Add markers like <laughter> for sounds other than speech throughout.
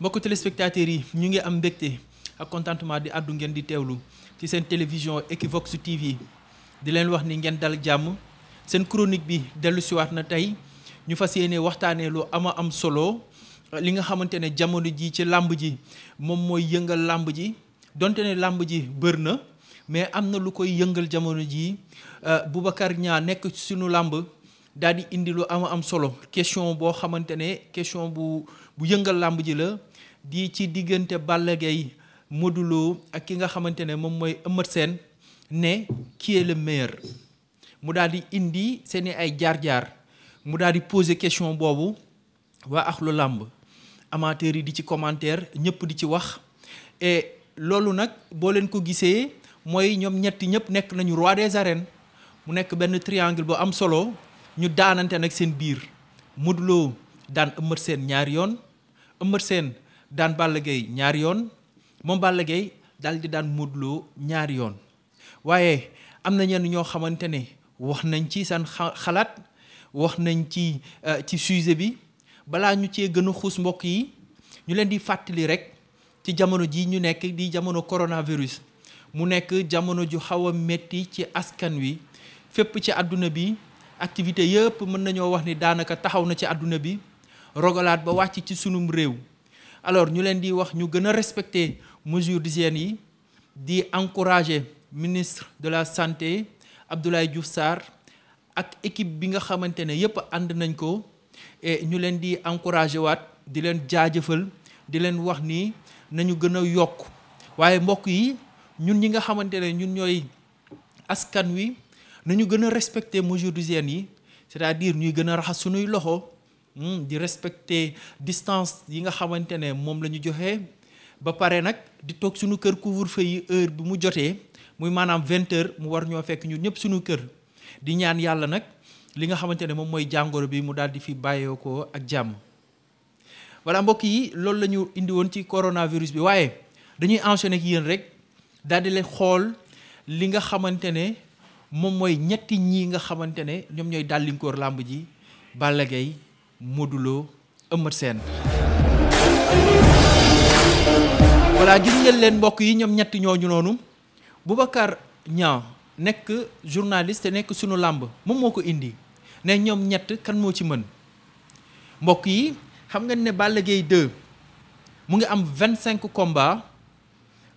mbokku téléspectateurs yi ñu ngi am mbégte ak contentement di àddu ngeen di teewlu ci seen télévision Equivox TV di leen wax ni ngeen dal jàmm seen chronique bi dellu siwaat na tey ñu fas yéene waxtaanee lu ama am solo li nga xamante ne jamono ji ci làmb ji moom mooy yëngal làmb ji donte ne làmb ji bër na mais am na lu koy yëngal jamono jii euh, Boubacar Niang nekk suñu làmb daal di indi lu ama am solo question boo xamante ne question bu bu yëngal làmb ji la di ci diggante Balla Gaye Modou ak ki nga xamante ne moom mooy Eumeu seen ne qui est le meilleur mu daal di indi seeni ay jaar-jaar mu daal di poser question boobu waa axlu làmb amateurs yi di ci commentaire ñëpp di ci wax et loolu nag boo leen ko gisee mooy ñoom ñett ñëpp nekk nañu roi des arènes mu nekk benn triangle bu am solo ñu daanante nag seen biir Modou Lo daan Eumeu Sène ñaari yoon Eumeu seen daan Balla Gaye ñaari yoon moom Balla Gaye daal di daan Modou ñaari yoon waaye am na ñenn ñoo xamante ne wax nañ ci seen xalaat wax nañ ci euh, ci sujet bi balaa ñu cee gën a xuus mbokk yi ñu leen di fàttali rek ci jamono ji ñu nekk di jamono coronavirus mu nekk jamono ju xaw a metti ci askan wi fépp ci àdduna bi activité yëpp mën nañoo wax ni daanaka taxaw na ci àdduna bi rogalaat ba wàcc ci sunum réew alors ñu leen di wax ñu gën a respecter mesures d'hygiène yi di encourager ministre de la santé Abdoulaye Diouf Sarr ak équipe bi nga xamante ne yëpp ànd nañ ko ñu leen di encourager waat di leen jaajëfal di leen wax nii nañu gën a yokk waaye mbokk yi ñun ñi nga xamante ne ñun ñooy askan wi nañu gën a respecter mesures d'hygiène yi c'est-à-dire ñuy gën a raxas sunuy loxo. Hmm, di respecter distance yi nga xamante ne moom la ñu joxe ba pare nag di toog suñu kër ku feu yi heure bi mu jotee muy maanaam vingt heures mu war ñoo fekk ñu ñëpp suñu kër di ñaan yàlla nag li nga xamante ne moom mooy jàngoro bi mu daal di fi bàyyoo ko ak jàmm. voilà mbokk yi loolu la indi woon ci coronavirus bi waaye dañuy enchaîner ak yéen rek daal di leen xool li nga xamante ne moom mooy ñetti ñii nga xamante ne ñoom ñooy dàllinkoor làmb ji Balla Gaye moduloo Lo Eumeu Sène voilà gis ngeen leen mbokk yi ñoom ñetti ñooñu noonu Boubacar Niang nekk journaliste nekk sunu làmb moom moo ko indi ne ñoom ñett kan moo ci mën mbokk yi xam nga ne Balla Gaye mu ngi am 25 combats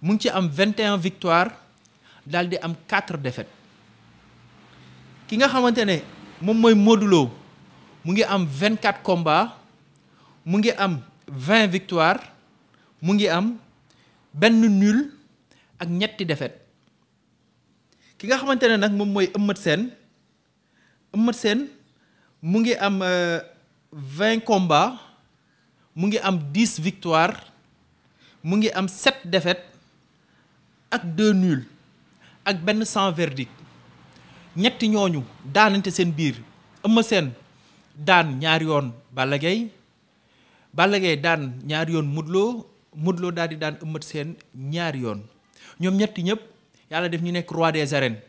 mu ngi ci am 21 victoire daal di am quatre défaites ki nga xamante ne moom mooy Modou mu ngi am 24 combats mu ngi am 20 victoires mu ngi am benn nul ak ñetti défaites ki nga xamante ne nag moom mooy Eumeu Sène Eumeu Sène mu ngi am 20 euh, combats mu ngi am 10 victoires mu ngi am 7 défaites ak 2 nuls ak benn sans verdict ñetti ñooñu daanante seen biir Eumeu Sène daan ñaari yoon Balla Gaye Balla daan ñaar yoon Modou Lo Modou daal di daan Eumeu seen ñaar yoon ñoom ñetti ñëpp yàlla def ñu nekk roi des arènes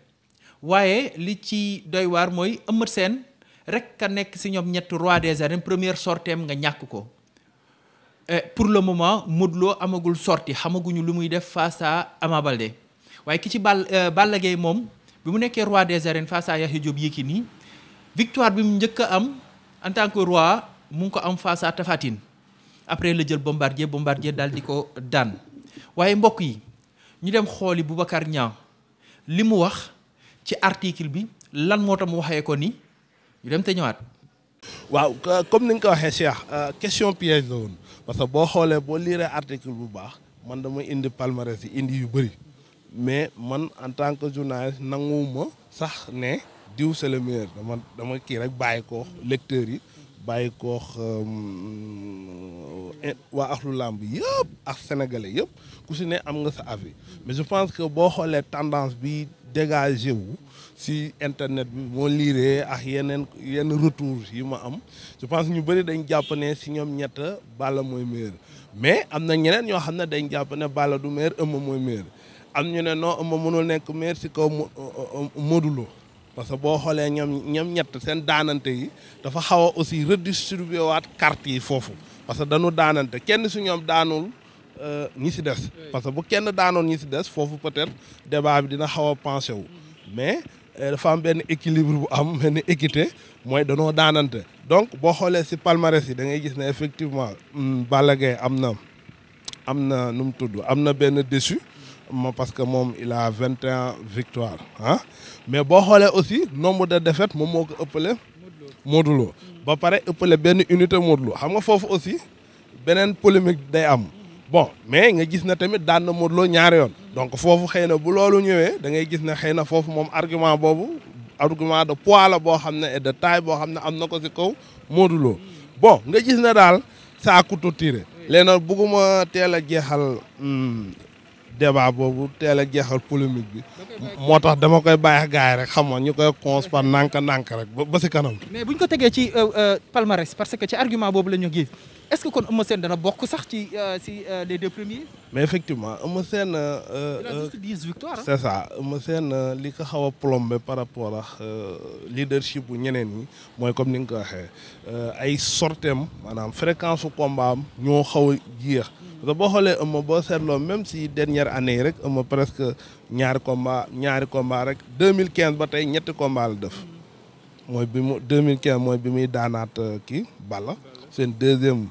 waaye li ci doy waar mooy Eumeu seen rek ka nekk si ñoom ñett roi des arènes première sorteem nga ñàkk ko eh, pour le moment Modou amagul sorti xamaguñu lu muy def face à Ama Baldé waaye ki ci Bal euh, Balla moom bi mu nekkee roi des arènes face à Yahya Diop Yékini victoire bi mu njëkk am en tant que roi mu ngi ko am face à après la jël bombardier bombardier daal di ko daan waaye mbokk yi ñu dem xooli Boubacar ñaaw li mu wax ci article bi lan moo tax mu waxee ko ni ñu dem te ñëwaat. waaw comme ni nga ko waxee Cheikh euh, question piège la woon parce que boo xoolee boo liiree article bu baax man dama indi palmarès yi indi yu bëri mais man en tant que journaliste nanguwuma sax ne. diw c'est le meilleur dama dama kii rek bàyyi ko lecteurs yi bàyyi ko euh, waa axlu làmb yëpp ak sénégalais yëpp ku si ne am nga sa avis mais je pense que boo xoolee tendance bi dégagé wu si internet bi moo liiree ak yeneen yenn retours yi ma am je pense ñu bëri dañ jàpp ne si ñoom ñett Balla mooy meilleur mais am na ñeneen ñoo xam ne dañ jàpp ne Balla du meilleur mooy meilleur am ñu ne non Eumeu mënul nekk maire si kaw Modou Lo parce que boo xoolee ñoom ñoom ñett seen daanante yi dafa xaw a aussi redistribuer waat carte yi foofu parce que dañu daanante kenn si ñoom daanul euh, ñi si des parce que bu kenn daanoon ñi si des foofu peut-être débat bi dina xaw a pensé wu mais euh, dafa am benn équilibre bu am benn équite mooy danoo daanante donc boo xoolee si palmarès yi da ngay gis ne effectivement hmm, Balla am na am na nu mu tudd am na benn déçu moom parce que moom il a vingt et un victoire ah mais boo xoolee aussi nombre de défaites moom moo ko ëppale Modou Lo ba pare ëppale benn unité Modou Lo xam nga foofu aussi beneen polémique day am bon mais nga gis ne tamit daan na Modou Lo ñaari yoon donc foofu xëy na bu loolu ñëwee da ngay gis ne xëy na foofu moom argument boobu argument de poids la boo xam ne et de taille boo xam ne am na ko ci kaw Modou Lo bon nga gis na daal saa couteau tiré léegi nag bugguma teel a jeexal hmm, débat boobu teel a jeexal polémique bi moo tax dama koy bàyyi gaay rek xam nga ñu koy cons par nànk-nànk rek ba si kanam. mais bu ñu ko tegee ci euh, euh, palmarès parce que ci argument boobu la ñu gis est-ce que kon Eumeu Sène bokk sax ci euh, si euh, les deux mais effectivement Eumeu Sène. Euh, il a juste dix victoires c'est ça Eumeu Sène li ko xaw a plombé par rapport ak leadership bu ñeneen ñi mooy comme ni nga ko waxee ay sortem maanaam fréquence su combat am ñoo xaw a jeex. Hmm. parce que boo xoolee Eumeu boo seetloo même si dernière année yi rek Eumeu presque ñaari combat ñaari combat rek 2015 ba tey ñetti combat la def. Hmm. mooy bi mu 2015 mooy bi muy daanaat kii bala seen deuxième.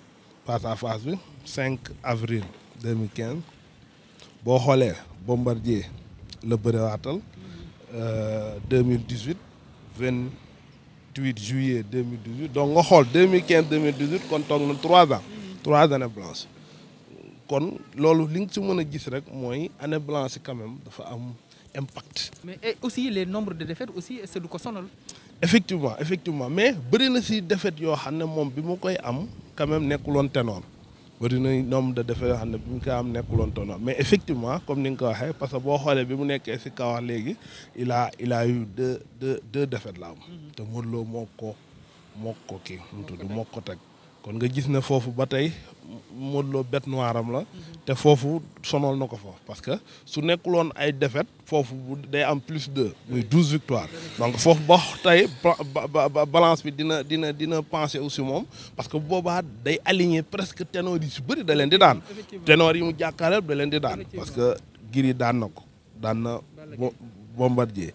face à face bi 5 avril 2015 boo xoolee Bombardier la bëriwaatal 2018 28 juillet 2018 donc nga xool 2015 2018 kon toog na 3 ans. 3 années blanches kon loolu li nga si mën a gis rek mooy anne blanche quand dafa am impact. mais et aussi les nombres de défaites aussi est du ko sonal. effectivement effectivement mais bëri na ci défaites yoo xam ne moom bi mu koy am. quand nekkuloon ténor bëri na noom de défaites yoo xam ne bi ñu ko am nekkuloon ténor mais effectivement comme ni nga ko waxee parce que boo xoolee bi mu nekkee si kaw wax léegi il a il a eu de deux la am. Mm-hmm. te Modou loo moo ko moo ko kii mu tudd moo ko teg. kon nga gis ne foofu ba tey Modou Lo bête noire am la te foofu sonal na ko fa parce que su nekkuloon ay défaite foofu day am plus de muy douze victoires donc foofu ba tey balance bi dina dina dina penser aussi moom parce que boobaa day aligner presque ténor yi si bëri da leen di daan ténor yi mu jàkkaarloo da leen di daan parce que Gris daan na ko daan na Bombardier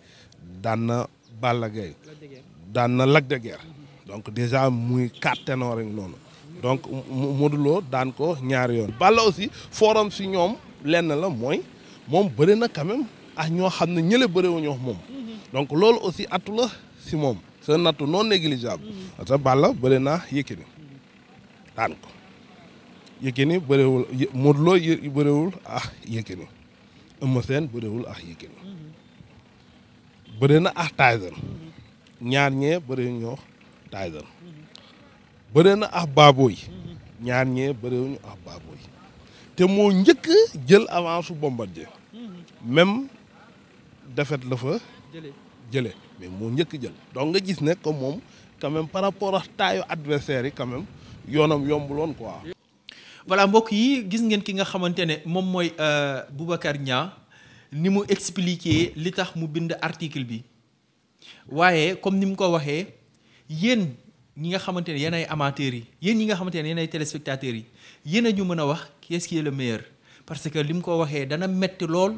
daan na Balla daan na Lac de Guiers donc déjà muy quatre ténor noonu donc Modou Lo daan ko ñaari yoon. Balla aussi forum si ñoom lenn la mooy moom bëri na quand même ak ñoo xam ne ñële bëri moom mhm. donc loolu aussi atu la si moom c'est un noon non négligeable mhm. que Balla bëri na Yékini daan ko Yékini bëriwul Modou Lo bëriwul ak Yékini seen Sène bëriwul ak Yékini mhm. na ak Tyson ñaar ñee bëri Tyson bëree na ax Baboy ñaar ñee bëreewuñu ak Baboy te moo njëkk jël avance su Bombardier même défaite la fa jële mais moo njëkk jël donc nga gis ne que moom quand par rapport ak taayu adversaire yi quand même yoonam yombul woon quoi. voilà mbokk yi gis ngeen ki nga xamante ne moom mooy euh, bubakar Niang ni mu expliquer li tax mu bind article bi waaye comme ni mu ko waxee yéen ñi nga xamante ne yéen ay yi yéen ñi nga xamante ne yéen ay yi yéen a ñu mën a wax qui est-ce qui parce que li mu ko waxee dana metti lool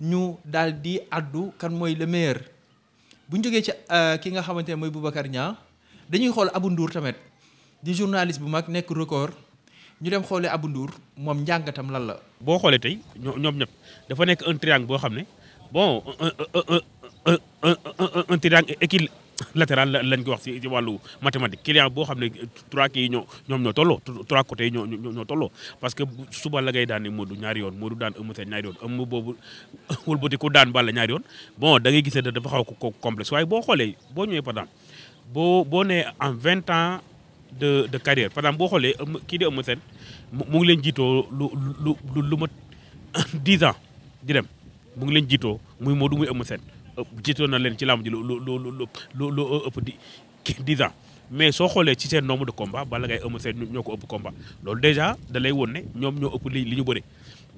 ñu daal di addu kan mooy le meilleur bu ñu jógee ci euh, ki nga xamante ne mooy Boubacar ñaa dañuy xool abu nduur tamit di journaliste bu mag nekk record ñu dem xoolee abu nduur moom njàngatam lan la. boo xoolee tey ñoom ñëpp dafa nekk un boo xam ne bon latéral lañ ko wax si si wàllu mathématique client boo xam ne trois kii yi ñoo ñoom ñoo tolloo trois côtés yi ñoo ñoo parce que suba la ngay daan Modou ñaari yoon Modou daan Eumeu Sène ñaari yoon Eumeu boobu <laughs> wëlbati ko daan Balla ñaari yoon bon da ngay gisee dafa xaw ko waaye boo xoolee boo ñëwee par exemple boo boo nee en vingt ans de de carrière par boo xoolee kii di Eumeu mu ngi leen jiitoo lu lu lu lu mat <laughs> ans di dem mu ngi leen jiitoo muy Modou muy Eumeu Sène jiitoon na leen ci làmb ji lu lu lu lu lu ëpp di dix ans mais soo xoolee ci seen nombre de combat Balla Gaye Eumeu Sène ñoo ko ëpp combat loolu déjà da lay woon ne ñoom ñoo ëpp li li ñu bëri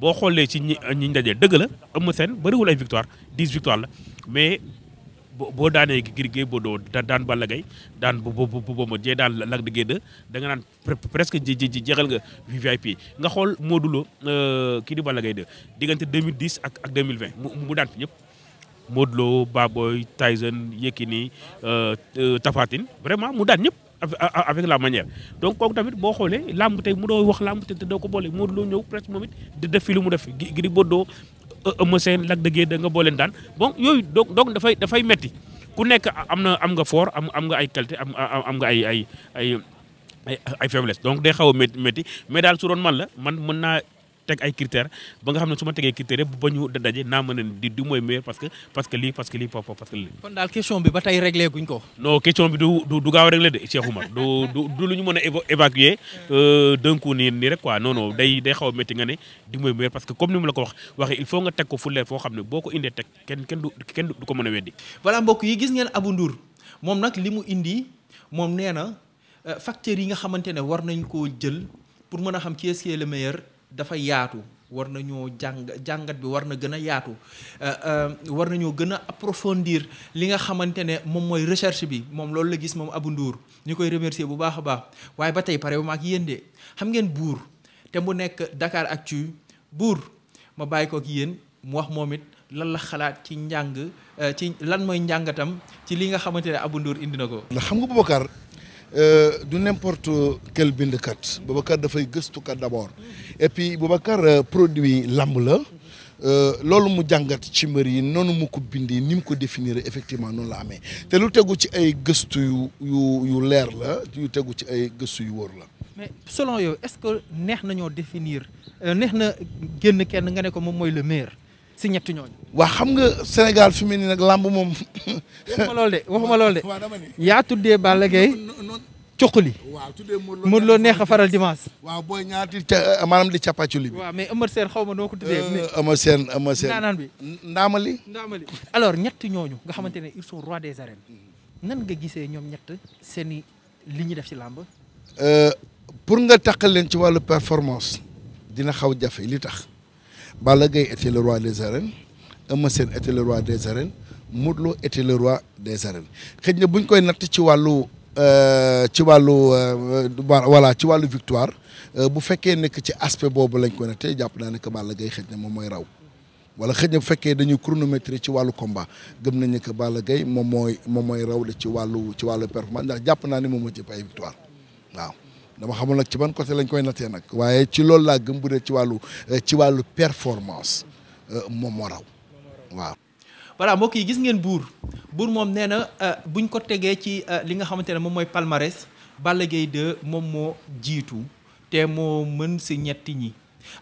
boo xoolee ci ñi ñi dajee dëgg la Eumeu Sène bëriwul ay victoire dix victoire la mais boo boo daanee Gris Bordeaux daan Balla Gaye daan bu bu bu Bombardier daan Lac de Guiers 2 da nga naan presque ji ji jeexal nga VIP nga xool Modou Lo euh, kii di Balla Gaye 2 diggante 2010 ak ak 2020 mu mu daan ñëpp. Modou Lo Baboy Tyson Yekini euh, euh, Tapha Tine vraiment mu daan ñëpp avec la manière donc kooku tamit boo xoolee lamb tey mu doo wax làmb te doo ko boole Modou Lo ñëw presque moom it di def fi lu mu def Gris Bordeaux e-, Eumeu Sène Lac de Guiers da nga booleen daan bon yooyu donc donc dafay dafay metti ku nekk am na am nga foor am am nga ay qualité am am nga ay ay ay ay faiblesse donc day xaw a métti métti mais daal su doon man la man mën naa teg ay critères ba nga xam ne su ma tegee critères yëpp ba ñu daje naa mën a di di mooy meilleur parce que parce que lii parce que lii papa parce que lii. kon daal question bi ba tey réglé guñ ko. non question bi du du du gaaw a réglé de Cheikh Oumar du du du lu ñu mën a évacuer euh, d'un coup nii nii rek quoi non non day day xaw a métti nga ne di mooy meilleur parce que comme ni mu la ko wax waxee il faut nga teg ko fu leer foo xam ne boo ko indee teg kenn kenn du kenn du ko mën a weddi. voilà mbokk yi gis ngeen Abou Ndour moom nag li mu indi moom nee na euh, facteurs yi nga xamante ne war nañ koo jël pour mën a xam qui est le meilleur dafa yaatu war nañoo jàng jàngat bi war na gën a yaatu euh, euh, war nañoo gën a approfondir li nga xamante ne moom mooy recherche bi moom loolu la gis moom abu nduur ñu koy remercier bu baax a baax waaye ba tey pare ma ak yéen de xam ngeen buur te mu nekk Dakar Actu buur ma bàyyi ko ak yéen mu wax moom it lan la xalaat ci njàng euh, ci lan mooy njàngatam ci li nga xamante ne abu nduur indi na ko. xam nga Boubacar Euh, du n'importe quel bindkat Boubacar dafay gëstukat d'abord et puis Boubacar euh, produit lamb la euh, loolu mu jàngat ci mbër yi noonu mu ko yi ni mu ko définir effectivement noonu la amee te lu tegu ci ay gëstu yu yu yu leer la yu tegu ci ay gëstu yu wóor la. mais selon yow est-ce que neex nañoo définir neex na génn kenn nga ne ko moom mooy le meilleur. si ñetti ñooñu. waa xam nga Sénégal fi mu ne nag làmb moom. waxuma lool de waxuma lool de. <laughs> yaa tuddee Balla Gaye cuqali. waaw tuddee Modou neex a faral dimance waaw booy ñaati ca euh, maanaam di cappaaculi bi. waaw mais Eumeu Sène xaw ma noo ko tuddee. Euh, Eumeu seen Eumeu Sène ndaanaan bi. ndaamali ndaamali. alors ñetti ñooñu nga xamante ne ils sont rois des arènes nan nga gisee ñoom ñett seeni li ñu def si làmb. Euh, pour nga taqal leen ci wàllu performance dina xaw jafe li tax. Balla Gaye était le roi des arènes Eumeu Sène était le roi des arènes Modou Lo était le roi des arènes xëy na bu ñu koy natt ci wàllu euh, ci wàllu euh, voilà ci wàllu victoire euh, bu fekkee nekk ci aspect boobu lañ koy te jàpp naa ne que Balla Gaye xëy na moom mooy raw wala xëy na bu fekkee dañuy chronométrie ci wàllu combat gëm nañ ne que Balla Gaye moom mooy moom mooy raw de ci wàllu ci wàllu performance ndax jàpp naa ne moom moo jëpp ay victoire waaw. dama xamul nag ci ban côté lañ koy nattee nag waaye ci loolu laa gëm bu dee ci wàllu ci wàllu performance euh, moom moo raw waaw. voilà mbokk yi gis ngeen buur buur moom nee na euh, buñ ko tegee ci euh, li nga xamante ne moom mooy palmarès Balla Gaye 2 moom moo jiitu te moo mën si ñetti ñi.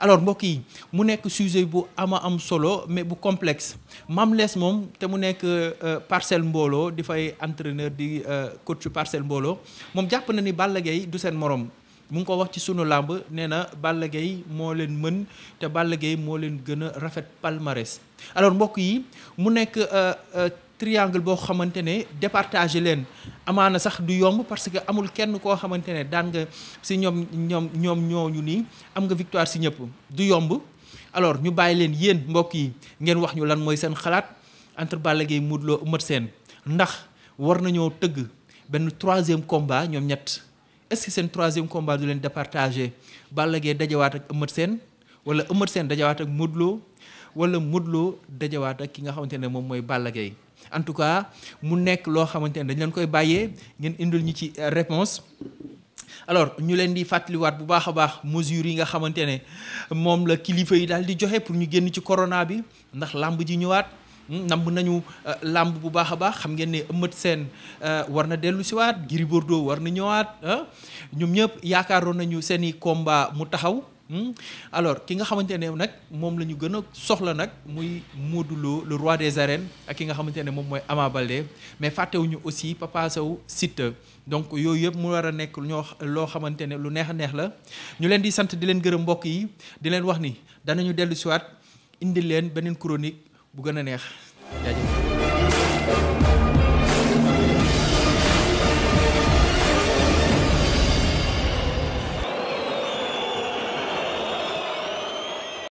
alors mbokk yi mu nekk sujet bu ama am solo mais bu complexe Mame Less moom te mu nekk euh, Parcelles Mbooloo di fay entraîneur di euh, coach Parcelles Mbooloo moom jàpp na ni Balla Gaye du seen morom mu ngi ko wax ci sunu làmb nee na Balla moo leen mën te Balla Gaye moo leen gën a rafet palmarès alors mbokk yi mu nekk euh, triangle boo xamante ne départagé leen amaana sax du yomb parce que amul kenn koo xamante ne daan nga si ñoom ñoom ñoom ñooñu nii am nga victoire si ñëpp du yomb alors ñu bàyyi leen yéen mbokk yi ngeen wax ñu lan mooy seen xalaat entre Balla Gaye Modou Lô Eumeu ndax war nañoo tëgg benn troisième combat ñoom ñett est seen troisième combat du leen départager Balla Gaye dajawaat ak Eumeu Sène wala Eumeu seen dajawaat ak Modou Lô wala Modou Lô dajawaat ak ki nga xamante ne moom mooy Balla Gaye en tout cas mu nekk loo xamante ne dañ leen koy bàyyee ngeen indil ñu ci euh, réponse alors ñu leen di fàttaliwaat bu baax a baax mesures yi nga xamante ne moom la kilifa yi daal di joxe pour ñu génn ci corona bi ndax làmb ji ñëwaat hmm, namb nañu euh, làmb bu baax a baax xam ngeen ne Eumeu Sène euh, war na dellu siwaat Gris Bordeaux war na ñëwaat ñoom ñëpp yaakaaroon nañu seen i combat mu taxaw Hmm? alors ki nga xamante ne nag moom la ñu gën a soxla nag muy Modou lu le roi des arènes ak ki nga xamante ne moom mooy Ama Baldé mais ñu aussi Papa Sow Siteu donc yooyu yëpp mu war a nekk ñoo loo xamante ne lu neex a neex la ñu leen di sant di leen gërëm mbokk yi di leen wax ni danañu dellu siwaat indi leen beneen chronique bu gën a neex